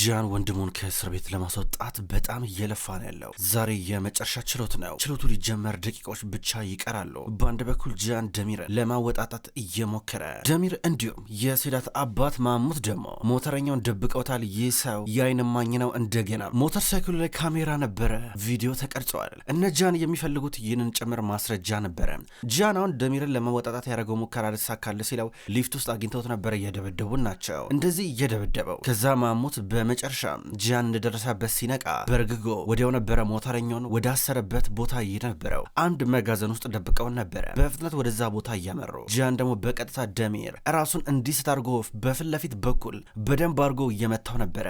ጃን ወንድሙን ከእስር ቤት ለማስወጣት በጣም እየለፋ ነው ያለው። ዛሬ የመጨረሻ ችሎት ነው። ችሎቱ ሊጀመር ደቂቃዎች ብቻ ይቀራሉ። በአንድ በኩል ጃን ደሚር ለማወጣጣት እየሞከረ ደሚር፣ እንዲሁም የሴዳት አባት ማሙት ደግሞ ሞተረኛውን ደብቀውታል። ይህ ሰው የአይን ማኝ ነው። እንደገና ሞተር ሳይክሉ ላይ ካሜራ ነበረ፣ ቪዲዮ ተቀርጸዋል። እነ ጃን የሚፈልጉት ይህንን ጭምር ማስረጃ ነበረ። ጃን አሁን ደሚርን ለማወጣጣት ያደረገው ሙከራ ልሳካለ ሲለው ሊፍት ውስጥ አግኝተውት ነበረ። እየደበደቡን ናቸው። እንደዚህ እየደበደበው ከዛ ማሙት በመጨረሻ ጂያን እንደደረሰበት ሲነቃ በርግጎ ወዲያው ነበረ ሞተረኛውን ወዳሰረበት ቦታ የነበረው አንድ መጋዘን ውስጥ ደብቀውን ነበረ። በፍጥነት ወደዛ ቦታ እያመሩ ጂያን ደግሞ በቀጥታ ደሚር ራሱን እንዲስት አድርጎ በፊት ለፊት በኩል በደንብ አድርጎ እየመታው ነበረ።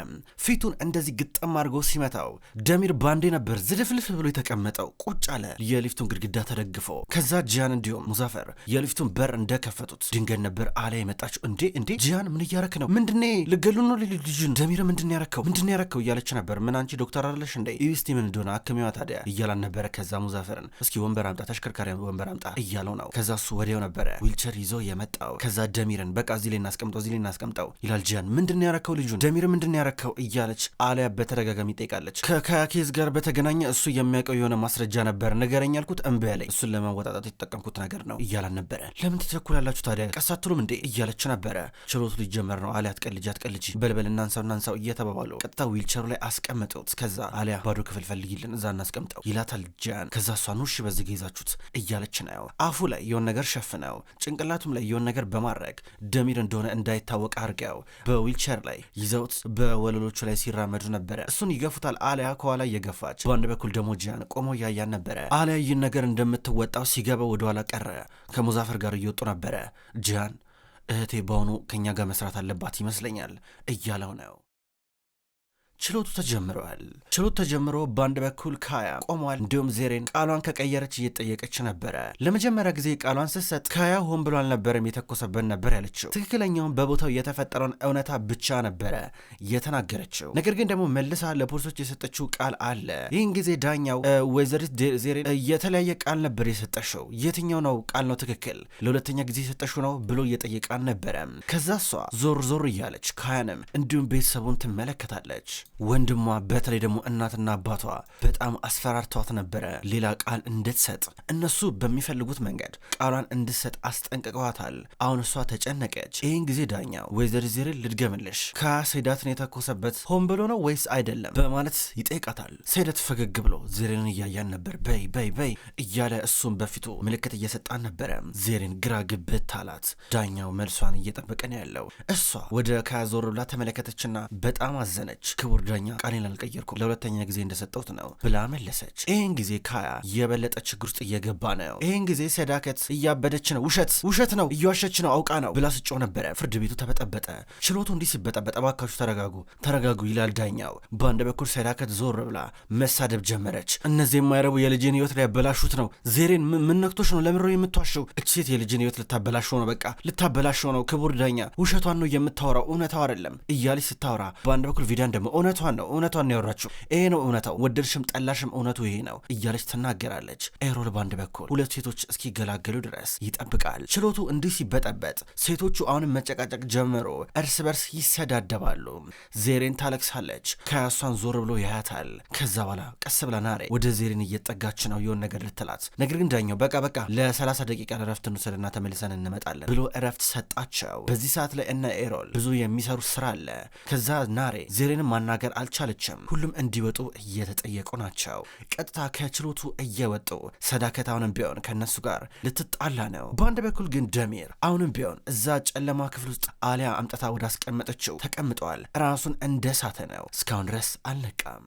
ፊቱን እንደዚህ ግጥም አድርጎ ሲመታው ደሚር ባንዴ ነበር ዝልፍልፍ ብሎ የተቀመጠው። ቁጭ አለ የሊፍቱን ግድግዳ ተደግፎ። ከዛ ጂያን እንዲሁም ሙዛፈር የሊፍቱን በር እንደከፈቱት ድንገት ነበር አሊያ የመጣችው። እንዴ እንዴ ጂያን ምን እያረክ ነው? ምንድኔ ልገሉ ነው ልጁን ደሚርም ምንድን ያረከው ምንድን ያረከው እያለች ነበር። ምን አንቺ ዶክተር አለሽ እንዴ ኢቪስቲ ምን እንደሆነ አክሚዋ ታዲያ እያላን ነበረ። ከዛ ሙዛፈርን እስኪ ወንበር አምጣ፣ ተሽከርካሪ ወንበር አምጣ እያለው ነው። ከዛ እሱ ወዲያው ነበረ ዊልቸር ይዞ የመጣው። ከዛ ደሚርን በቃ እዚህ ላይ እናስቀምጠው፣ እዚህ ላይ እናስቀምጠው ይላል ጂያን። ምንድን ያረከው ልጁን ደሚር ምንድን ያረከው እያለች አሊያ በተደጋጋሚ ይጠይቃለች። ከኬዝ ጋር በተገናኘ እሱ የሚያውቀው የሆነ ማስረጃ ነበር ንገረኝ ያልኩት እምቢ አለኝ። እሱን ለማወጣጣት የተጠቀምኩት ነገር ነው እያላን ነበረ። ለምን ትቸኩላላችሁ ታዲያ ቀሳትሉም እንዴ እያለች ነበረ። ችሎቱ ሊጀመር ነው አሊያ አትቀልጂ፣ አትቀልጂ በልበል እናንሳው፣ እናንሳው እየተባባሉ ቀጥታ ዊልቸሩ ላይ አስቀመጡት። ከዛ አሊያ ባዶ ክፍል ፈልጊልን እዛ እናስቀምጠው ይላታል ጃን። ከዛ እሷን ውሽ በዚህ ገይዛችሁት እያለች ነው። አፉ ላይ የሆን ነገር ሸፍነው ጭንቅላቱም ላይ የሆን ነገር በማድረግ ደሚር እንደሆነ እንዳይታወቅ አድርገው በዊልቸር ላይ ይዘውት በወለሎቹ ላይ ሲራመዱ ነበረ። እሱን ይገፉታል። አሊያ ከኋላ እየገፋች፣ በአንድ በኩል ደግሞ ጃን ቆሞ እያያን ነበረ። አሊያ ይህን ነገር እንደምትወጣው ሲገባ ወደኋላ ቀረ። ከሙዛፈር ጋር እየወጡ ነበረ። ጃን እህቴ በአሁኑ ከእኛ ጋር መስራት አለባት ይመስለኛል እያለው ነው። ችሎቱ ተጀምረዋል። ችሎቱ ተጀምሮ በአንድ በኩል ካያ ቆመዋል። እንዲሁም ዜሬን ቃሏን ከቀየረች እየጠየቀች ነበረ። ለመጀመሪያ ጊዜ ቃሏን ስትሰጥ ካያ ሆን ብሎ አልነበረም የተኮሰበት ነበር ያለችው። ትክክለኛውን በቦታው የተፈጠረውን እውነታ ብቻ ነበረ የተናገረችው። ነገር ግን ደግሞ መልሳ ለፖሊሶች የሰጠችው ቃል አለ። ይህን ጊዜ ዳኛው ወይዘሪት ዜሬን የተለያየ ቃል ነበር የሰጠሽው፣ የትኛው ነው ቃል ነው ትክክል ለሁለተኛ ጊዜ የሰጠሽው ነው ብሎ እየጠየቃል ነበረ። ከዛ እሷ ዞር ዞር እያለች ካያንም እንዲሁም ቤተሰቡን ትመለከታለች። ወንድሟ በተለይ ደግሞ እናትና አባቷ በጣም አስፈራርተዋት ነበረ፣ ሌላ ቃል እንድትሰጥ እነሱ በሚፈልጉት መንገድ ቃሏን እንድትሰጥ አስጠንቅቀዋታል። አሁን እሷ ተጨነቀች። ይህን ጊዜ ዳኛው ወይዘር ዜሬን ልድገምልሽ፣ ከሴዳትን የተኮሰበት ሆን ብሎ ነው ወይስ አይደለም በማለት ይጠይቃታል። ሴደት ፈገግ ብሎ ዜሬንን እያያን ነበር። በይ በይ በይ እያለ እሱም በፊቱ ምልክት እየሰጣን ነበረ። ዜሬን ግራ ግብት አላት። ዳኛው መልሷን እየጠበቀ ነው ያለው። እሷ ወደ ከያዞር ብላ ተመለከተችና በጣም አዘነች። ክቡር ዳኛ ቃሌን አልቀየርኩም ለሁለተኛ ጊዜ እንደሰጠሁት ነው ብላ መለሰች። ይህን ጊዜ ካያ የበለጠ ችግር ውስጥ እየገባ ነው። ይህን ጊዜ ሰዳከት እያበደች ነው። ውሸት ውሸት ነው እየዋሸች ነው አውቃ ነው ብላ ስጮ ነበረ። ፍርድ ቤቱ ተበጠበጠ። ችሎቱ እንዲህ ሲበጠበጠ ባካችሁ ተረጋጉ ተረጋጉ ይላል ዳኛው። በአንድ በኩል ሰዳከት ዞር ብላ መሳደብ ጀመረች። እነዚህ የማይረቡ የልጅን ህይወት ሊያበላሹት ነው። ዜሬን ምን ነው? ለምሮ የምትዋሸው እች ሴት የልጅን ህይወት ልታበላሸው ነው። በቃ ልታበላሸው ነው። ክቡር ዳኛ ውሸቷን ነው የምታወራው፣ እውነታው አይደለም እያለች ስታወራ፣ በአንድ በኩል ቪዳን ደግሞ እውነት እውነቷን ነው እውነቷን ነው ያወራችው። ይሄ ነው እውነታው፣ ወደድሽም ጠላሽም እውነቱ ይሄ ነው እያለች ትናገራለች። ኤሮል ባንድ በኩል ሁለት ሴቶች እስኪገላገሉ ድረስ ይጠብቃል። ችሎቱ እንዲህ ሲበጠበጥ ሴቶቹ አሁንም መጨቃጨቅ ጀምሮ እርስ በርስ ይሰዳደባሉ። ዜሬን ታለቅሳለች። ከያሷን ዞር ብሎ ያያታል። ከዛ በኋላ ቀስ ብላ ናሬ ወደ ዜሬን እየጠጋች ነው የሆን ነገር ልትላት፣ ነገር ግን ዳኛው በቃ በቃ ለሰላሳ ደቂቃ ለእረፍት እንውሰድና ተመልሰን እንመጣለን ብሎ እረፍት ሰጣቸው። በዚህ ሰዓት ላይ እነ ኤሮል ብዙ የሚሰሩ ስራ አለ። ከዛ ናሬ ዜሬንም ማናገ መናገር አልቻለችም። ሁሉም እንዲወጡ እየተጠየቁ ናቸው። ቀጥታ ከችሎቱ እየወጡ ሰዳከት አሁንም ቢሆን ከነሱ ጋር ልትጣላ ነው። በአንድ በኩል ግን ደሚር አሁንም ቢሆን እዛ ጨለማ ክፍል ውስጥ አሊያ አምጥታ ወደ አስቀመጠችው ተቀምጠዋል። ራሱን እንደሳተ ነው። እስካሁን ድረስ አልነቃም።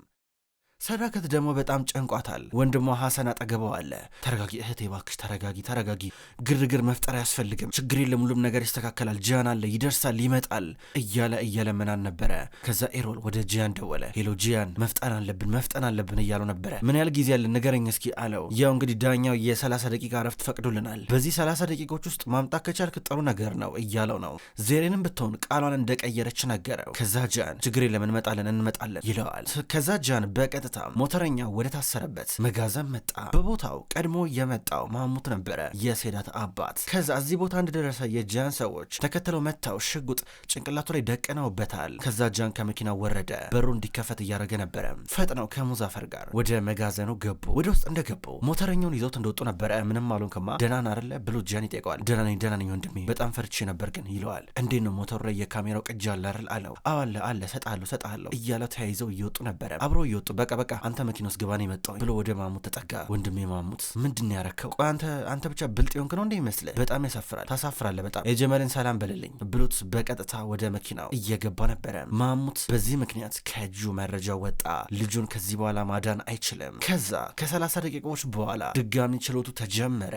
ሰዳከት ደግሞ በጣም ጨንቋታል። ወንድሟ ሐሰን አጠገበው አለ። ተረጋጊ እህቴ እባክሽ ተረጋጊ፣ ተረጋጊ። ግርግር መፍጠር አያስፈልግም። ችግር የለም፣ ሁሉም ነገር ይስተካከላል። ጂያን አለ፣ ይደርሳል፣ ይመጣል እያለ እየለመናን ነበረ። ከዛ ኤሮል ወደ ጂያን ደወለ። ሄሎ ጂያን፣ መፍጠን አለብን፣ መፍጠን አለብን እያለው ነበረ። ምን ያህል ጊዜ ያለን ንገረኝ እስኪ አለው። ያው እንግዲህ ዳኛው የ30 ደቂቃ እረፍት ፈቅዶልናል። በዚህ 30 ደቂቆች ውስጥ ማምጣት ከቻልክ ጥሩ ነገር ነው እያለው ነው። ዜሬንም ብትሆን ቃሏን እንደቀየረች ነገረው። ከዛ ጂያን ችግር የለም፣ እንመጣለን፣ እንመጣለን ይለዋል። ከዛ ጂያን በቀ በቀጥታ ሞተረኛ ወደ ታሰረበት መጋዘን መጣ። በቦታው ቀድሞ የመጣው ማሙት ነበረ፣ የሴዳት አባት። ከዛ እዚህ ቦታ እንደደረሰ የጃን ሰዎች ተከትለው መጥተው ሽጉጥ ጭንቅላቱ ላይ ደቅነውበታል። ከዛ ጃን ከመኪና ወረደ፣ በሩ እንዲከፈት እያደረገ ነበረ። ፈጥነው ከሙዛፈር ጋር ወደ መጋዘኑ ገቡ። ወደ ውስጥ እንደገቡ ሞተረኛውን ይዘውት እንደወጡ ነበረ። ምንም አሉንክማ ደናን አይደለ ብሎ ጃን ይጠይቀዋል። ደናነኝ ደናነኝ ወንድሜ በጣም ፈርቼ ነበር ግን ይለዋል። እንዴት ነው ሞተሩ ላይ የካሜራው ቅጅ አለ አይደል አለው። አዋለ አለ ሰጣለሁ ሰጣለሁ እያለው ተያይዘው እየወጡ ነበረ አብሮ እየወጡ በቃ በቃ አንተ መኪና ውስጥ ግባን የመጣው ብሎ ወደ ማሙት ተጠጋ። ወንድሜ ማሙት ምንድን ያረከው? ቆይ አንተ አንተ ብቻ ብልጥ የሆንክ ነው እንደ ይመስለ በጣም ያሳፍራል፣ ታሳፍራለ በጣም የጀመልን ሰላም በልልኝ ብሎት በቀጥታ ወደ መኪናው እየገባ ነበረ። ማሙት በዚህ ምክንያት ከእጁ መረጃ ወጣ። ልጁን ከዚህ በኋላ ማዳን አይችልም። ከዛ ከሰላሳ ደቂቃዎች በኋላ ድጋሚ ችሎቱ ተጀመረ።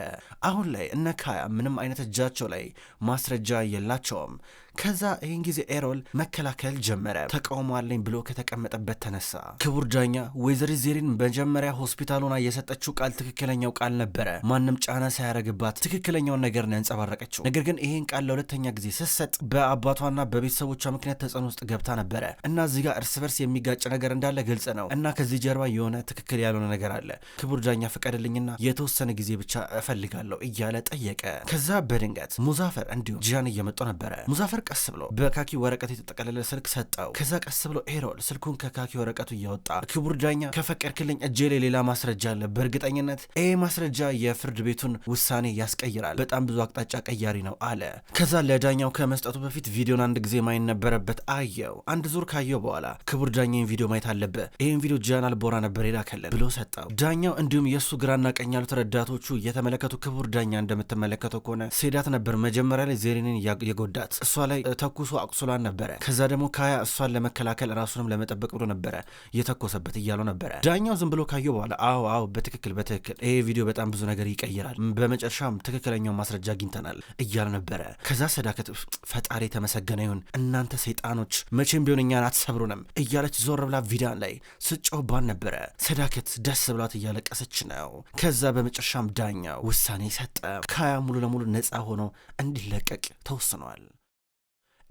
አሁን ላይ እነ ካያ ምንም አይነት እጃቸው ላይ ማስረጃ የላቸውም። ከዛ ይህን ጊዜ ኤሮል መከላከል ጀመረ። ተቃውሞ አለኝ ብሎ ከተቀመጠበት ተነሳ። ክቡር ዳኛ፣ ወይዘሪ ዜሪን መጀመሪያ ሆስፒታል የሰጠችው ቃል ትክክለኛው ቃል ነበረ። ማንም ጫና ሳያደርግባት ትክክለኛውን ነገር ነው ያንጸባረቀችው። ነገር ግን ይህን ቃል ለሁለተኛ ጊዜ ስትሰጥ በአባቷና በቤተሰቦቿ ምክንያት ተጽዕኖ ውስጥ ገብታ ነበረ እና እዚህ ጋር እርስ በርስ የሚጋጭ ነገር እንዳለ ግልጽ ነው እና ከዚህ ጀርባ የሆነ ትክክል ያልሆነ ነገር አለ። ክቡር ዳኛ ፍቀድልኝና የተወሰነ ጊዜ ብቻ እፈልጋለሁ እያለ ጠየቀ። ከዛ በድንገት ሙዛፈር እንዲሁም ጂያን እየመጡ ነበረ። ሙዛፈር ቀስ ብሎ በካኪ ወረቀት የተጠቀለለ ስልክ ሰጠው። ከዛ ቀስ ብሎ ኤሮል ስልኩን ከካኪ ወረቀቱ እያወጣ ክቡር ዳኛ ከፈቀድክልኝ እጄ ላይ ሌላ ማስረጃ አለ። በእርግጠኝነት ይህ ማስረጃ የፍርድ ቤቱን ውሳኔ ያስቀይራል። በጣም ብዙ አቅጣጫ ቀያሪ ነው አለ። ከዛ ለዳኛው ከመስጠቱ በፊት ቪዲዮን አንድ ጊዜ ማየት ነበረበት። አየው። አንድ ዙር ካየው በኋላ ክቡር ዳኛን ቪዲዮ ማየት አለብህ፣ ይህን ቪዲዮ ጃናል ቦራ ነበር የላከልን ብሎ ሰጠው። ዳኛው እንዲሁም የእሱ ግራና ቀኝ ያሉት ረዳቶቹ እየተመለከቱ ክቡር ዳኛ እንደምትመለከተው ከሆነ ሴዳት ነበር መጀመሪያ ላይ ዜሬንን የጎዳት እሷ ላይ ላይ ተኩሶ አቁስሏን ነበረ። ከዛ ደግሞ ካያ እሷን ለመከላከል ራሱንም ለመጠበቅ ብሎ ነበረ እየተኮሰበት እያለው ነበረ። ዳኛው ዝም ብሎ ካየው በኋላ አዎ አዎ፣ በትክክል በትክክል ይሄ ቪዲዮ በጣም ብዙ ነገር ይቀይራል፣ በመጨረሻም ትክክለኛው ማስረጃ አግኝተናል እያለ ነበረ። ከዛ ሰዳከት ፈጣሪ የተመሰገነ ይሁን እናንተ ሰይጣኖች መቼም ቢሆን እኛን አትሰብሩንም እያለች ዞር ብላ ቪዳን ላይ ስጮባን ነበረ። ሰዳከት ደስ ብላት እያለቀሰች ነው። ከዛ በመጨረሻም ዳኛው ውሳኔ ሰጠ። ካያ ሙሉ ለሙሉ ነፃ ሆኖ እንዲለቀቅ ተወስኗል።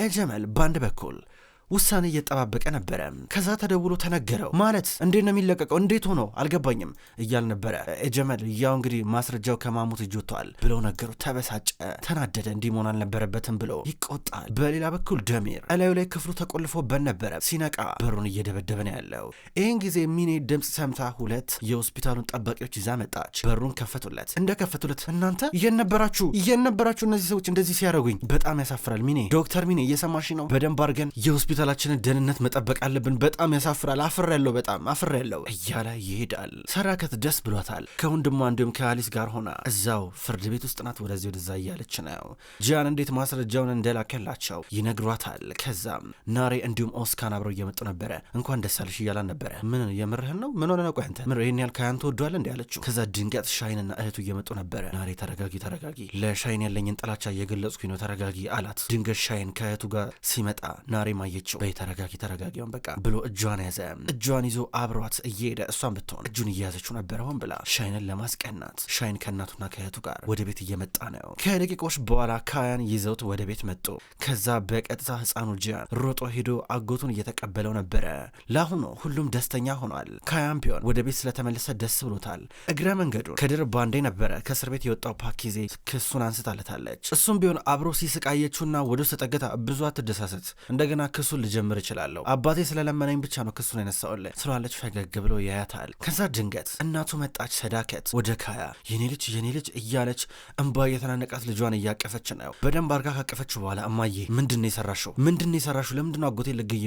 الجمل باندا بكل ውሳኔ እየጠባበቀ ነበረ። ከዛ ተደውሎ ተነገረው። ማለት እንዴት ነው የሚለቀቀው? እንዴት ሆኖ አልገባኝም እያል ነበረ። ጀመል ያው እንግዲህ ማስረጃው ከማሙት እጅ ወጥተዋል ብለው ነገሩ። ተበሳጨ፣ ተናደደ። እንዲህ መሆን አልነበረበትም ብሎ ይቆጣል። በሌላ በኩል ደሚር እላዩ ላይ ክፍሉ ተቆልፎበት ነበረ። ሲነቃ በሩን እየደበደበ ነው ያለው። ይህን ጊዜ ሚኔ ድምፅ ሰምታ ሁለት የሆስፒታሉን ጠባቂዎች ይዛ መጣች። በሩን ከፈቱለት። እንደ ከፈቱለት እናንተ እየነበራችሁ እየነበራችሁ እነዚህ ሰዎች እንደዚህ ሲያደርጉኝ በጣም ያሳፍራል። ሚኔ ዶክተር ሚኔ እየሰማሽ ነው? በደንብ አድርገን የሆስፒታል የሆስፒታላችንን ደህንነት መጠበቅ አለብን። በጣም ያሳፍራል። አፍር ያለው በጣም አፍር ያለው እያለ ይሄዳል። ሰራከት ደስ ብሏታል። ከወንድሟ እንዲሁም ከአሊስ ጋር ሆና እዛው ፍርድ ቤት ውስጥ ናት። ወደዚህ ወደዛ እያለች ነው። ጂያን እንዴት ማስረጃውን እንደላከላቸው ይነግሯታል። ከዛም ናሬ እንዲሁም ኦስካን አብረው እየመጡ ነበረ። እንኳን ደስ አለሽ እያላን ነበረ። ምን የምርህን ነው? ምን ሆነ ነው? ቆይ አንተ ምር ይህን ያል ከያን ወዷል እንዲ ያለችው። ከዛ ድንገት ሻይንና እህቱ እየመጡ ነበረ። ናሬ ተረጋጊ፣ ተረጋጊ ለሻይን ያለኝን ጥላቻ እየገለጽኩኝ ነው፣ ተረጋጊ አላት። ድንገት ሻይን ከእህቱ ጋር ሲመጣ ናሬ ማየች አለችው። በይ ተረጋጊ፣ ተረጋጊውን በቃ ብሎ እጇን ያዘ። እጇን ይዞ አብሯት እየሄደ እሷን ብትሆን እጁን እየያዘችው ነበረ ሆን ብላ ሻይንን ለማስቀናት። ሻይን ከእናቱና ከእህቱ ጋር ወደ ቤት እየመጣ ነው። ከደቂቆች በኋላ ካያን ይዘውት ወደ ቤት መጡ። ከዛ በቀጥታ ህፃኑ ጂያን ሮጦ ሄዶ አጎቱን እየተቀበለው ነበረ። ለአሁኑ ሁሉም ደስተኛ ሆኗል። ካያን ቢሆን ወደ ቤት ስለተመለሰ ደስ ብሎታል። እግረ መንገዱን ከድር ባንዴ ነበረ ከእስር ቤት የወጣው ፓኪዜ ክሱን አንስታለታለች። እሱም ቢሆን አብሮ ሲስቃየችውና ወደ ውስጥ ተጠግታ ብዙ አትደሳሰት እንደገና ክሱ ክሱን ልጀምር እችላለሁ፣ አባቴ ስለለመነኝ ብቻ ነው ክሱን የነሳውለ ስላለች ፈገግ ብሎ ያያታል። ከዛ ድንገት እናቱ መጣች። ሰዳከት ወደ ካያ የኔ ልጅ የኔ ልጅ እያለች እንባ እየተናነቃት ልጇን እያቀፈች ነው። በደንብ አርጋ ካቀፈችው በኋላ እማዬ ምንድን ነው የሰራሽው? ምንድን ነው የሰራሽው? ለምንድን ነው አጎቴ ልግይ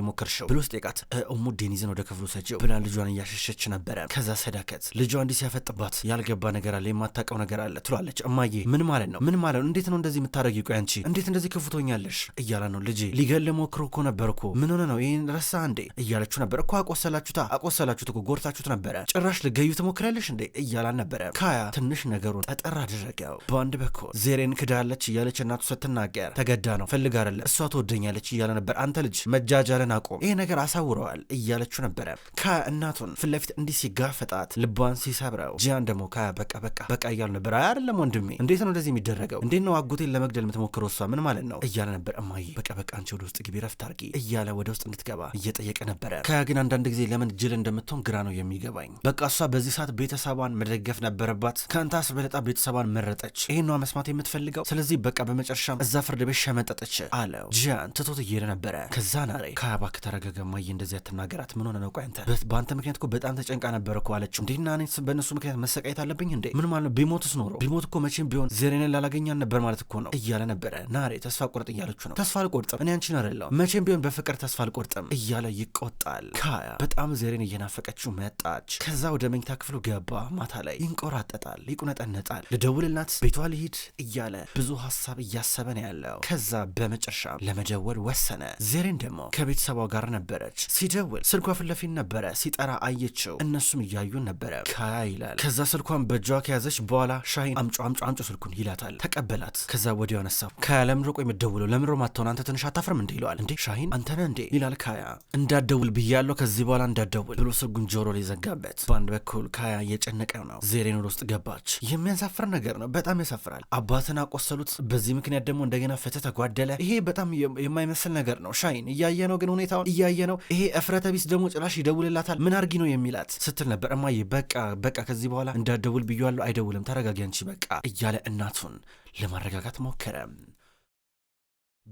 ብሎ ስጠቃት እሙ ዴኒዝን ወደ ክፍሉ ሰጂው ብላ ልጇን እያሸሸች ነበረ። ከዛ ሰዳከት ልጇ እንዲህ ሲያፈጥባት ያልገባ ነገር አለ፣ የማታውቀው ነገር አለ ትሏለች። እማዬ ምን ማለት ነው? ምን ማለት ነው? እንዴት ነው እንደዚህ የምታደረግ? ቆይ አንቺ እንዴት እንደዚህ ክፉቶኛለሽ? እያለ ነው ልጄ ሊገል ሞክሮ እኮ እኮ ምን ሆነ ነው ይህን ረሳ እንዴ እያለችሁ ነበር እኮ አቆሰላችሁታ አቆሰላችሁት እኮ ጎርታችሁት ነበረ ጭራሽ ልገዩ ትሞክራለሽ እንዴ እያላን ነበረ ካያ ትንሽ ነገሩን ጠጠር አደረገው በአንድ በኩል ዜሬን ክዳለች እያለች እናቱ ስትናገር ተገዳ ነው ፈልግ አለ እሷ ትወደኛለች እያለ ነበር አንተ ልጅ መጃጃለን አቁም ይሄ ነገር አሳውረዋል እያለችሁ ነበረ ካያ እናቱን ፊት ለፊት እንዲህ ሲጋፈጣት ልቧን ሲሰብረው ጂያን ደግሞ ካያ በቃ በቃ በቃ እያሉ ነበር አይ አይደለም ወንድሜ እንዴት ነው እንደዚህ የሚደረገው እንዴት ነው አጎቴን ለመግደል የምትሞክረው እሷ ምን ማለት ነው እያለ ነበር እማዬ በቃ በቃ አንቺ ወደ ውስጥ ግቢ ረፍት አርጊ እያለ ወደ ውስጥ እንድትገባ እየጠየቀ ነበረ። ከያ ግን አንዳንድ ጊዜ ለምን ጅል እንደምትሆን ግራ ነው የሚገባኝ። በቃ እሷ በዚህ ሰዓት ቤተሰቧን መደገፍ ነበረባት። ከአንታስ በለጣ ቤተሰቧን መረጠች። ይህኗ መስማት የምትፈልገው። ስለዚህ በቃ በመጨረሻም እዛ ፍርድ ቤት ሸመጠጠች አለው። ጂያን ትቶት እየሄደ ነበረ። ከዛ ናሬ ከያ እባክህ ተረጋጋ፣ ማየ፣ እንደዚህ አትናገራት። ምን ሆነ ነው? ቆይ አንተ በአንተ ምክንያት እኮ በጣም ተጨንቃ ነበር እኮ አለችው። እንዴና እኔ በእነሱ ምክንያት መሰቃየት አለብኝ እንዴ? ምን ማለት ነው? ቢሞትስ ኖሮ ቢሞት እኮ መቼም ቢሆን ዜሬንን ላላገኛን ነበር ማለት እኮ ነው እያለ ነበረ። ናሬ ተስፋ ቁርጥ እያለችው ነው። ተስፋ አልቆርጥም እኔ አንቺን አደለው መቼም ቢሆን በፍቅር ተስፋ አልቆርጥም እያለ ይቆጣል። ካያ በጣም ዜሬን እየናፈቀችው መጣች። ከዛ ወደ መኝታ ክፍሉ ገባ። ማታ ላይ ይንቆራጠጣል፣ ይቁነጠነጣል። ልደውልናት ቤቷ ልሂድ እያለ ብዙ ሀሳብ እያሰበ ነው ያለው። ከዛ በመጨረሻ ለመደወል ወሰነ። ዜሬን ደግሞ ከቤተሰቧ ጋር ነበረች። ሲደውል ስልኳ ፊት ለፊት ነበረ። ሲጠራ አየችው፣ እነሱም እያዩን ነበረ። ካያ ይላል። ከዛ ስልኳን በእጇ ከያዘች በኋላ ሻሂን አምጮ አምጮ አምጮ ስልኩን ይላታል። ተቀበላት። ከዛ ወዲያው አነሳው። ካያ ለምን ሮቆ የምትደውለው ለምን አንተ ትንሽ አታፍርም እንደ ይለዋል። እንዴ ሻሂን አንተነ እንዴ ይላል ካያ። እንዳደውል ብያለሁ ከዚህ በኋላ እንዳደውል ብሎ ስጉን ጆሮ ሊዘጋበት፣ ዘጋበት። በአንድ በኩል ካያ እየጨነቀ ነው። ዜሬን ወደ ውስጥ ገባች። የሚያንሳፍር ነገር ነው። በጣም ያሳፍራል። አባትን አቆሰሉት። በዚህ ምክንያት ደግሞ እንደገና ፍትህ ተጓደለ። ይሄ በጣም የማይመስል ነገር ነው። ሻይን እያየ ነው፣ ግን ሁኔታውን እያየ ነው። ይሄ እፍረተቢስ ደግሞ ጭራሽ ይደውልላታል። ምን አርጊ ነው የሚላት ስትል ነበር። እማዬ በቃ በቃ ከዚህ በኋላ እንዳደውል ብያለሁ፣ አይደውልም፣ ተረጋጊ አንቺ በቃ እያለ እናቱን ለማረጋጋት ሞከረ።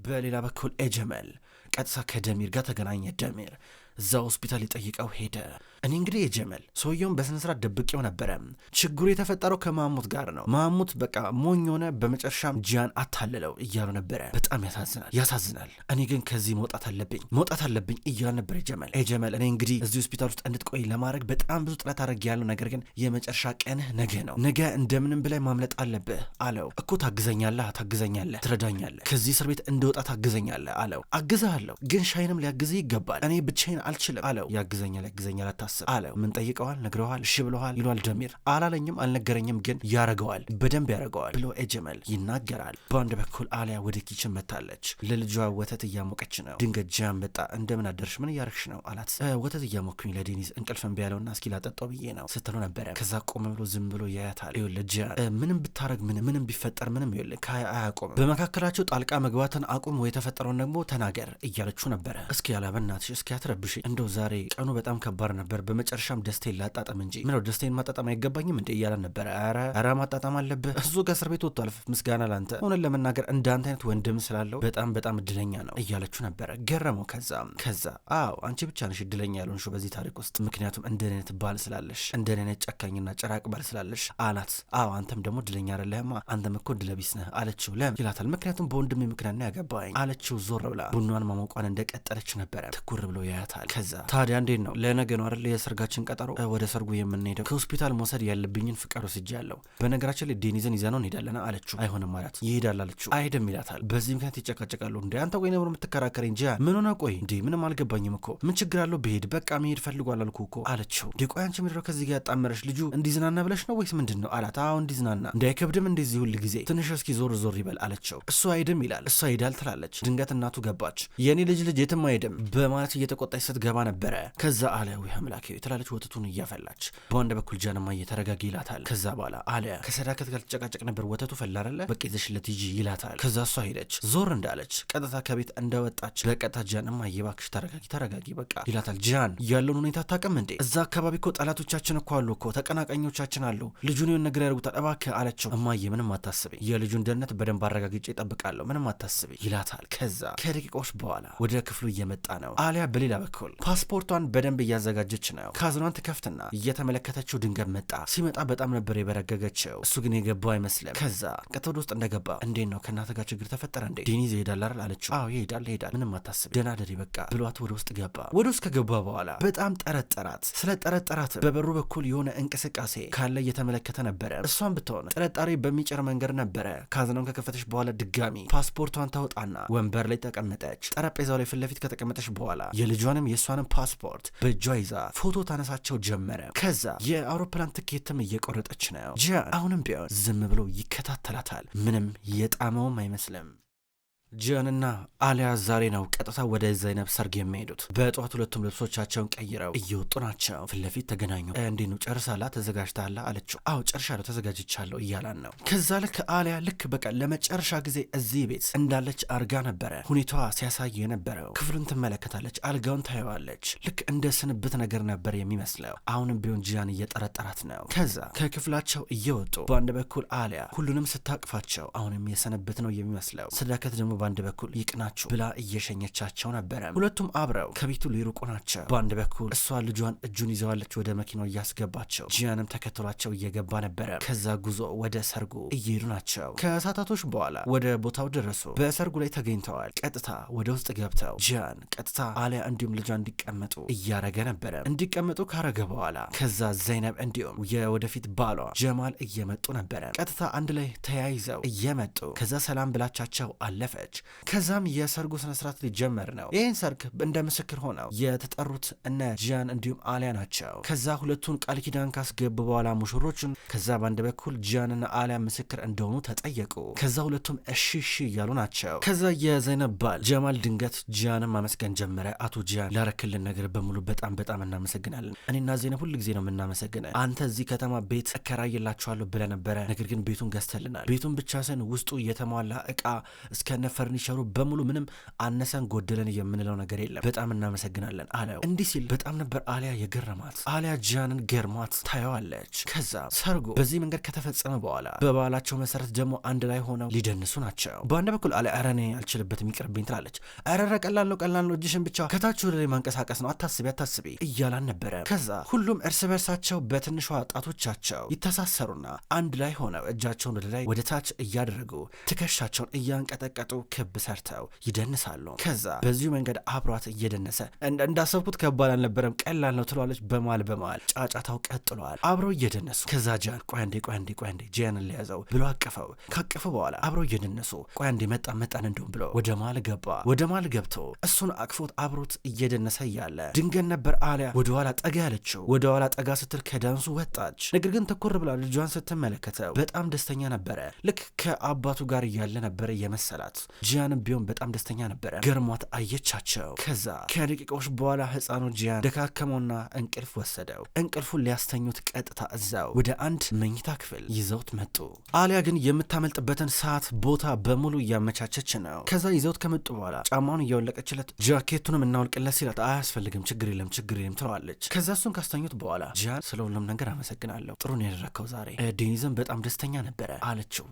በሌላ በኩል ኤጀመል ቀጥታ ከደሚር ጋር ተገናኘ። ደሚር እዛ ሆስፒታል የጠይቀው ሄደ። እኔ እንግዲህ የጀመል ሰውየውን በስነስርዓት ደብቄው ነበረ። ችግሩ የተፈጠረው ከማሙት ጋር ነው። ማሙት በቃ ሞኝ ሆነ። በመጨረሻም ጂያን አታለለው እያሉ ነበረ። በጣም ያሳዝናል፣ ያሳዝናል። እኔ ግን ከዚህ መውጣት አለብኝ፣ መውጣት አለብኝ እያሉ ነበር የጀመል። የጀመል እኔ እንግዲህ እዚህ ሆስፒታል ውስጥ እንድትቆይ ለማድረግ በጣም ብዙ ጥረት አድረግ ያለው፣ ነገር ግን የመጨረሻ ቀንህ ነገ ነው። ነገ እንደምንም ብላይ ማምለጥ አለብህ አለው። እኮ ታግዘኛለህ፣ ታግዘኛለህ፣ ትረዳኛለህ፣ ከዚህ እስር ቤት እንደወጣ ታግዘኛለህ አለው። አግዝሃለሁ፣ ግን ሻይንም ሊያግዝህ ይገባል። እኔ ብቻዬን አልችልም አለው። ያግዘኛል፣ ያግዘኛል አታስብ አለው። ምን ጠይቀዋል፣ ነግረዋል፣ እሺ ብለዋል ይሏል ደሚር። አላለኝም፣ አልነገረኝም፣ ግን ያረገዋል፣ በደንብ ያረገዋል ብሎ ኤጀመል ይናገራል። በአንድ በኩል አሊያ ወደ ኪችን መታለች። ለልጇ ወተት እያሞቀች ነው። ድንገት ጃን መጣ። እንደምን አደርሽ፣ ምን እያረግሽ ነው አላት። ወተት እያሞክኝ ለዴኒዝ እንቅልፍን እምቢ ያለውና እስኪ ላጠጣው ብዬ ነው ስትለው ነበረ። ከዛ ቆመ ብሎ ዝም ብሎ ያያታል። ይኸውልህ ጃን ምንም ብታረግ ምንም ምንም ቢፈጠር ምንም ይኸውልህ ከሀያ አያቆምም። በመካከላቸው ጣልቃ መግባትን አቁም ወይ የተፈጠረውን ደግሞ ተናገር እያለችው ነበረ። እስኪ ያላ በእናትሽ እስኪ አትረብሽ፣ እንደው ዛሬ ቀኑ በጣም ከባድ ነበር ነበር። በመጨረሻም ደስቴን ላጣጠም እንጂ ምነው ደስቴን ማጣጠም አይገባኝም እንዴ እያለን ነበረ። ኧረ ኧረ ማጣጠም አለብህ። እሱ ከእስር ቤት ወጥቷል። ምስጋና ላንተ። እውነት ለመናገር እንዳንተ አይነት ወንድም ስላለው በጣም በጣም እድለኛ ነው እያለችው ነበረ። ገረመው። ከዛ ከዛ አዎ አንቺ ብቻ ነሽ እድለኛ ያልሆንሽ በዚህ ታሪክ ውስጥ ምክንያቱም እንደኔ አይነት ባል ስላለሽ እንደኔ አይነት ጨካኝና ጭራቅ ባል ስላለሽ አላት። አዎ አንተም ደግሞ እድለኛ አይደለህማ አንተም እኮ እድለቢስ ነህ አለችው። ለም ይላታል። ምክንያቱም በወንድሜ ምክንያት ነው ያገባኝ አለችው። ዞር ብላ ቡናን ማሞቋን እንደቀጠለች ነበረ። ትኩር ብሎ ያያታል። ከዛ ታዲያ እንዴት ነው ለነገ ነው አይደል የሰርጋችን ቀጠሮ ወደ ሰርጉ የምንሄደው ከሆስፒታል መውሰድ ያለብኝን ፍቃድ ያለው በነገራችን ላይ ዴኒዝን ይዘነው እንሄዳለን አለችው። አይሆንም አላት። ይሄዳል አለችው። አይሄድም ይላታል። በዚህ ምክንያት ይጨቃጨቃሉ። እንደ አንተ ቆይ ነብሮ የምትከራከር እንጂ ምን ሆነ? ቆይ እንዴ ምንም አልገባኝም እኮ ምን ችግር አለው ብሄድ? በቃ መሄድ ፈልጓል አልኩ እኮ አለችው። እንዴ ቆይ አንቺ ምድረ ከዚህ ጋር ያጣመረሽ ልጁ እንዲዝናና ብለሽ ነው ወይስ ምንድን ነው አላት። አዎ እንዲዝናና እንዳይከብድም እንደዚህ ሁል ጊዜ ትንሽ እስኪ ዞር ዞር ይበል አለችው። እሱ አይሄድም ይላል። እሱ አይሄዳል ትላለች። ድንገት እናቱ ገባች። የእኔ ልጅ ልጅ የትም አይሄድም በማለት እየተቆጣች ስትገባ ነበረ። ከዛ አለ ውይ አምላክ ተላኪው የተላለች ወተቱን እያፈላች በአንድ በኩል ጃንማ እየተረጋግ ይላታል። ከዛ በኋላ አሊያ ከሰዳከት ጋር ትጨቃጨቅ ነበር ወተቱ ፈላረለ በቄዘሽለት ይጂ ይላታል። ከዛ እሷ ሄደች። ዞር እንዳለች ቀጥታ ከቤት እንደወጣች በቀጥታ ጃንማ እየባክሽ ተረጋጊ ተረጋጊ በቃ ይላታል። ጃን ያለውን ሁኔታ አታውቅም እንዴ? እዛ አካባቢ እኮ ጠላቶቻችን እኮ አሉ እኮ ተቀናቃኞቻችን አሉ። ልጁን የሆን ነገር ያደርጉታል። እባክህ አለችው። እማዬ ምንም አታስቢ፣ የልጁን ደህንነት በደንብ አረጋግጬ ይጠብቃለሁ። ምንም አታስቢ ይላታል። ከዛ ከደቂቃዎች በኋላ ወደ ክፍሉ እየመጣ ነው። አሊያ በሌላ በኩል ፓስፖርቷን በደንብ እያዘጋጀች ነው። ካዝኗን ትከፍትና እየተመለከተችው ድንገት መጣ። ሲመጣ በጣም ነበር የበረገገችው። እሱ ግን የገባው አይመስልም። ከዛ ቀጥታ ውስጥ እንደገባ እንዴት ነው ከእናተ ጋር ችግር ተፈጠረ እንዴ? ዴኒዝ ይሄዳል አይደል አለችው። አዎ ይሄዳል ይሄዳል፣ ምንም አታስብ፣ ደህና ደሪ በቃ ብሏት ወደ ውስጥ ገባ። ወደ ውስጥ ከገባ በኋላ በጣም ጠረጠራት። ስለ ጠረጠራት በበሩ በኩል የሆነ እንቅስቃሴ ካለ እየተመለከተ ነበረ። እሷን ብትሆን ጥርጣሬ በሚጭር መንገድ ነበረ። ካዝናውን ከከፈተች በኋላ ድጋሚ ፓስፖርቷን ታወጣና ወንበር ላይ ተቀመጠች። ጠረጴዛው ላይ ፊት ለፊት ከተቀመጠች በኋላ የልጇንም የእሷንም ፓስፖርት በእጇ ይዛ ፎቶ ታነሳቸው ጀመረ። ከዛ የአውሮፕላን ትኬትም እየቆረጠች ነው። ጃን አሁንም ቢሆን ዝም ብሎ ይከታተላታል። ምንም የጣመውም አይመስልም። ጂያንና አሊያ ዛሬ ነው ቀጥታ ወደ ዘይነብ ሰርግ የሚሄዱት። በጠዋት ሁለቱም ልብሶቻቸውን ቀይረው እየወጡ ናቸው። ፊት ለፊት ተገናኙ። እንዴት ነው ጨርሳላ? ተዘጋጅታላ? አለችው። አዎ ጨርሻለሁ፣ ተዘጋጅቻለሁ እያላን ነው። ከዛ ልክ አሊያ ልክ በቃ ለመጨረሻ ጊዜ እዚህ ቤት እንዳለች አርጋ ነበረ ሁኔታዋ ሲያሳይ የነበረው። ክፍሉን ትመለከታለች፣ አልጋውን ታየዋለች። ልክ እንደ ስንብት ነገር ነበር የሚመስለው። አሁንም ቢሆን ጂያን እየጠረጠራት ነው። ከዛ ከክፍላቸው እየወጡ በአንድ በኩል አሊያ ሁሉንም ስታቅፋቸው አሁንም የስንብት ነው የሚመስለው። ስዳከት ደግሞ በአንድ በኩል ይቅናችሁ ብላ እየሸኘቻቸው ነበረ። ሁለቱም አብረው ከቤቱ ሊሩቁ ናቸው። በአንድ በኩል እሷ ልጇን እጁን ይዘዋለች ወደ መኪናው እያስገባቸው፣ ጂያንም ተከትሏቸው እየገባ ነበረ። ከዛ ጉዞ ወደ ሰርጉ እየሄዱ ናቸው። ከሰዓታቶች በኋላ ወደ ቦታው ደረሱ። በሰርጉ ላይ ተገኝተዋል። ቀጥታ ወደ ውስጥ ገብተው ጂያን ቀጥታ አሊያ እንዲሁም ልጇ እንዲቀመጡ እያረገ ነበረ። እንዲቀመጡ ካረገ በኋላ ከዛ ዘይነብ እንዲሁም የወደፊት ባሏ ጀማል እየመጡ ነበረ። ቀጥታ አንድ ላይ ተያይዘው እየመጡ ከዛ ሰላም ብላቻቸው አለፈች። ሄደች። ከዛም የሰርጉ ስነስርዓት ሊጀመር ነው። ይህን ሰርግ እንደ ምስክር ሆነው የተጠሩት እነ ጂያን እንዲሁም አሊያ ናቸው። ከዛ ሁለቱን ቃል ኪዳን ካስገቡ በኋላ ሙሽሮቹን ከዛ በአንድ በኩል ጂያንና አሊያ ምስክር እንደሆኑ ተጠየቁ። ከዛ ሁለቱም እሺሺ እያሉ ናቸው። ከዛ የዘይነብ ባል ጀማል ድንገት ጂያንን ማመስገን ጀመረ። አቶ ጂያን ላረክልን ነገር በሙሉ በጣም በጣም እናመሰግናለን። እኔና ዘይነብ ሁል ጊዜ ነው የምናመሰግነ። አንተ እዚህ ከተማ ቤት እከራይላችኋለሁ ብለነበረ ነበረ፣ ነገር ግን ቤቱን ገዝተልናል። ቤቱን ብቻ ሰን ውስጡ የተሟላ እቃ እስከነ ፈርኒቸሩ በሙሉ ምንም አነሰን ጎደለን የምንለው ነገር የለም። በጣም እናመሰግናለን አለው። እንዲህ ሲል በጣም ነበር አሊያ የገረማት። አሊያ ጃንን ገርማት ታየዋለች። ከዛ ሰርጎ በዚህ መንገድ ከተፈጸመ በኋላ በባህላቸው መሰረት ደግሞ አንድ ላይ ሆነው ሊደንሱ ናቸው። በአንድ በኩል አሊያ ኧረ እኔ አልችልበትም ይቅርብኝ ትላለች። ኧረ ኧረ ቀላል ነው ቀላል ነው እጅሽን ብቻ ከታች ወደ ላይ ማንቀሳቀስ ነው አታስቢ አታስቢ እያላን ነበረ። ከዛ ሁሉም እርስ በርሳቸው በትንሿ ጣቶቻቸው ይተሳሰሩና አንድ ላይ ሆነው እጃቸውን ወደ ላይ ወደ ታች እያደረጉ ትከሻቸውን እያንቀጠቀጡ ክብ ሰርተው ይደንሳሉ። ከዛ በዚሁ መንገድ አብሯት እየደነሰ እንዳሰብኩት ከባድ አልነበረም ቀላል ነው ትሏለች። በማል በማል ጫጫታው ቀጥሏል። አብረው እየደነሱ ከዛ ጃን ቆይ አንዴ ቆይ አንዴ ቆይ አንዴ ሊያዘው ብሎ አቀፈው። ካቀፈው በኋላ አብረው እየደነሱ ቆይ አንዴ መጣን መጣን እንዲሁም ብሎ ወደ ማል ገባ። ወደ ማል ገብቶ እሱን አቅፎት አብሮት እየደነሰ እያለ ድንገን ነበር አሊያ ወደ ኋላ ጠጋ ያለችው። ወደ ኋላ ጠጋ ስትል ከዳንሱ ወጣች። ነገር ግን ተኮር ብላ ልጇን ስትመለከተው በጣም ደስተኛ ነበረ። ልክ ከአባቱ ጋር እያለ ነበረ የመሰላት ጂያንም ቢሆን በጣም ደስተኛ ነበረ። ገርሟት አየቻቸው። ከዛ ከደቂቃዎች በኋላ ህፃኑ ጂያን ደካከመውና እንቅልፍ ወሰደው። እንቅልፉን ሊያስተኙት ቀጥታ እዛው ወደ አንድ መኝታ ክፍል ይዘውት መጡ። አሊያ ግን የምታመልጥበትን ሰዓት ቦታ በሙሉ እያመቻቸች ነው። ከዛ ይዘውት ከመጡ በኋላ ጫማውን እያወለቀችለት ጃኬቱንም እናውልቅለት ሲላት አያስፈልግም፣ ችግር የለም፣ ችግር የለም ትለዋለች። ከዛ እሱን ካስተኙት በኋላ ጂያን ስለ ሁሉም ነገር አመሰግናለሁ፣ ጥሩን ያደረግከው ዛሬ ዴኒዝም በጣም ደስተኛ ነበረ አለችው።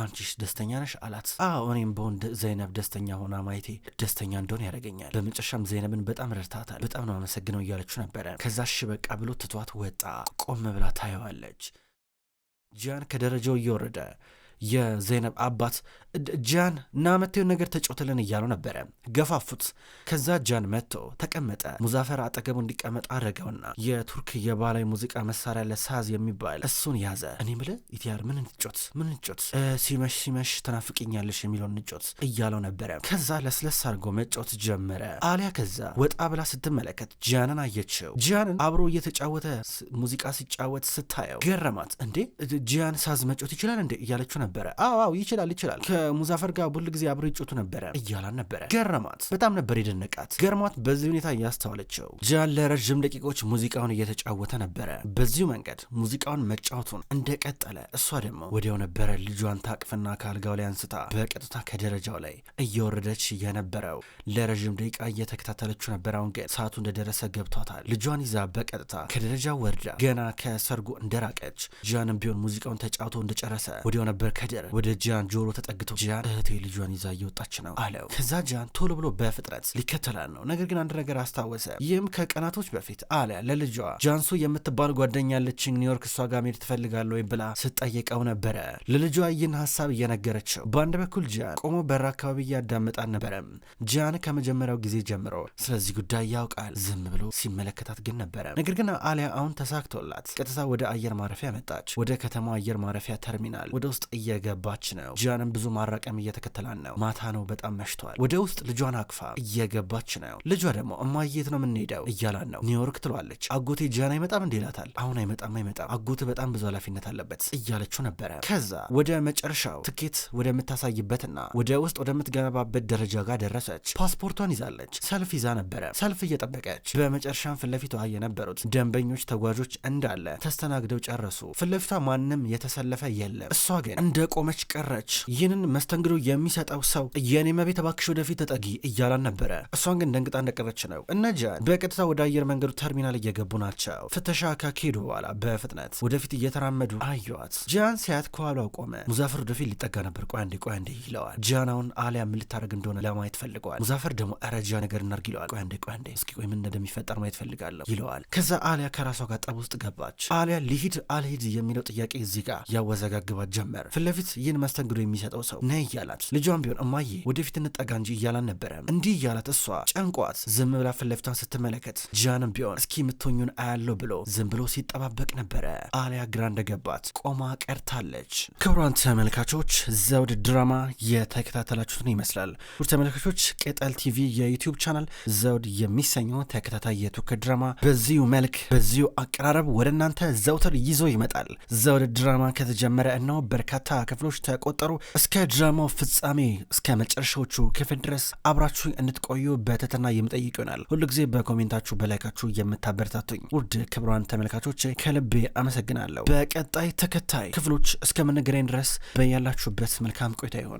አንቺሽ ደስተኛ ነሽ አላት። አዎ እኔም በወንድ ዘይነብ ደስተኛ ሆና ማየቴ ደስተኛ እንደሆን ያደርገኛል። በመጨረሻም ዘይነብን በጣም ረድታታል። በጣም ነው አመሰግነው እያለችው ነበረ። ከዛ ሽ በቃ ብሎ ትቷት ወጣ። ቆም ብላ ታየዋለች። ጂያን ከደረጃው እየወረደ የዘይነብ አባት ጃን እና መቴውን ነገር ተጫውተለን እያሉ ነበረ። ገፋፉት። ከዛ ጃን መጥቶ ተቀመጠ። ሙዛፈር አጠገቡ እንዲቀመጥ አድረገውና የቱርክ የባህላዊ ሙዚቃ መሳሪያ ለሳዝ የሚባል እሱን ያዘ። እኔ ምለ ኢትያር ምን እንጮት ምን እንጮት ሲመሽ ሲመሽ ተናፍቅኛለሽ የሚለውን እንጮት እያለው ነበረ። ከዛ ለስለስ አድርጎ መጮት ጀመረ። አሊያ ከዛ ወጣ ብላ ስትመለከት ጃንን አየችው። ጃንን አብሮ እየተጫወተ ሙዚቃ ሲጫወት ስታየው ገረማት። እንዴ ጃን ሳዝ መጮት ይችላል እንዴ እያለችው ነበረ። አዎ ይችላል ይችላል ከሙዛፈር ጋር ሁል ጊዜ አብሮ ይጮቱ ነበረ እያላን ነበረ። ገረማት፣ በጣም ነበር የደነቃት። ገርማት በዚህ ሁኔታ እያስተዋለችው ጃን ለረዥም ደቂቆች ሙዚቃውን እየተጫወተ ነበረ። በዚሁ መንገድ ሙዚቃውን መጫወቱን እንደቀጠለ እሷ ደግሞ ወዲያው ነበረ ልጇን ታቅፍና ከአልጋው ላይ አንስታ በቀጥታ ከደረጃው ላይ እየወረደች የነበረው ለረዥም ደቂቃ እየተከታተለችው ነበር። አሁን ግን ሰዓቱ እንደደረሰ ገብቷታል። ልጇን ይዛ በቀጥታ ከደረጃ ወርዳ ገና ከሰርጎ እንደራቀች ጃንም ቢሆን ሙዚቃውን ተጫውቶ እንደጨረሰ ወዲያው ነበር ከደር ወደ ጃን ጆሮ ተጠግቶ ሲመለከተው ጂያን እህቴ ልጇን ይዛ እየወጣች ነው አለው። ከዛ ጂያን ቶሎ ብሎ በፍጥረት ሊከተላል ነው፣ ነገር ግን አንድ ነገር አስታወሰ። ይህም ከቀናቶች በፊት አለ ለልጇ ጃንሱ የምትባል ጓደኛ ያለችኝ ኒውዮርክ እሷ ጋር መሄድ ትፈልጋለ ወይ ብላ ስጠየቀው ነበረ። ለልጇ ይህን ሀሳብ እየነገረችው በአንድ በኩል ጂያን ቆሞ በር አካባቢ እያዳመጣ ነበረም። ጂያን ከመጀመሪያው ጊዜ ጀምሮ ስለዚህ ጉዳይ ያውቃል፣ ዝም ብሎ ሲመለከታት ግን ነበረ። ነገር ግን አሊያ አሁን ተሳክቶላት ቀጥታ ወደ አየር ማረፊያ መጣች። ወደ ከተማ አየር ማረፊያ ተርሚናል ወደ ውስጥ እየገባች ነው። ጂያንም ብዙ ማራቀም እየተከተላን ነው። ማታ ነው፣ በጣም መሽቷል። ወደ ውስጥ ልጇን አቅፋ እየገባች ነው። ልጇ ደግሞ እማየት ነው የምንሄደው እያላን ነው። ኒውዮርክ ትሏለች። አጎቴ ጃን አይመጣም እንዲላታል ይላታል። አሁን አይመጣም አይመጣም፣ አጎት በጣም ብዙ ኃላፊነት አለበት እያለችው ነበረ። ከዛ ወደ መጨረሻው ትኬት ወደምታሳይበትና ወደ ውስጥ ወደምትገነባበት ደረጃ ጋር ደረሰች። ፓስፖርቷን ይዛለች። ሰልፍ ይዛ ነበረ፣ ሰልፍ እየጠበቀች በመጨረሻም ፊትለፊቷ የነበሩት ደንበኞች፣ ተጓዦች እንዳለ ተስተናግደው ጨረሱ። ፊትለፊቷ ማንም የተሰለፈ የለም። እሷ ግን እንደ ቆመች ቀረች። ይህንን መስተንግዶ የሚሰጠው ሰው የኔ መቤት እባክሽ ወደፊት ተጠጊ እያላን ነበረ። እሷን ግን ደንግጣ እንደቀረች ነው። እነ ጃን በቀጥታ ወደ አየር መንገዱ ተርሚናል እየገቡ ናቸው። ፍተሻ ካካሄዱ በኋላ በፍጥነት ወደፊት እየተራመዱ አዩዋት። ጃን ሲያት ከኋሏ ቆመ። ሙዛፈር ወደፊት ሊጠጋ ነበር። ቆይ አንዴ ቆይ አንዴ ይለዋል። ጃን አሊያ ምን ልታደርግ እንደሆነ ለማየት ፈልገዋል። ሙዛፈር ደግሞ ረጃ ነገር እናርግ ይለዋል። ቆይ አንዴ ቆይ አንዴ እስኪ ቆይ ምን እንደሚፈጠር ማየት ፈልጋለሁ ይለዋል። ከዛ አሊያ ከራሷ ጋር ጠብ ውስጥ ገባች። አሊያ ሊሂድ አልሂድ የሚለው ጥያቄ እዚህ ጋር ያወዘጋግባት ጀመር። ፊት ለፊት ይህን መስተንግዶ የሚሰጠው ሰው ነው ነ እያላት ልጇን ቢሆን እማዬ ወደፊት እንጠጋ እንጂ እያላን ነበረ። እንዲህ እያላት እሷ ጨንቋት ዝም ብላ ፊት ለፊቷን ስትመለከት ጃንም ቢሆን እስኪ የምትሆኙን አያለው ብሎ ዝም ብሎ ሲጠባበቅ ነበረ። አሊያ ግራ እንደገባት ቆማ ቀርታለች። ክቡራን ተመልካቾች ዘውድ ድራማ የተከታተላችሁትን ይመስላል። ሁር ተመልካቾች ቅጠል ቲቪ የዩቲዩብ ቻናል ዘውድ የሚሰኘው ተከታታይ የቱርክ ድራማ በዚሁ መልክ በዚሁ አቀራረብ ወደ እናንተ ዘውትር ይዞ ይመጣል። ዘውድ ድራማ ከተጀመረ እነው በርካታ ክፍሎች ተቆጠሩ እስከ የድራማው ፍጻሜ እስከ መጨረሻዎቹ ክፍል ድረስ አብራችሁ እንድትቆዩ በትህትና የምጠይቅ ይሆናል። ሁሉ ጊዜ በኮሜንታችሁ በላይካችሁ የምታበረታቱኝ ውድ ክብሯን ተመልካቾች ከልቤ አመሰግናለሁ። በቀጣይ ተከታይ ክፍሎች እስከምንገናኝ ድረስ በያላችሁበት መልካም ቆይታ ይሆን።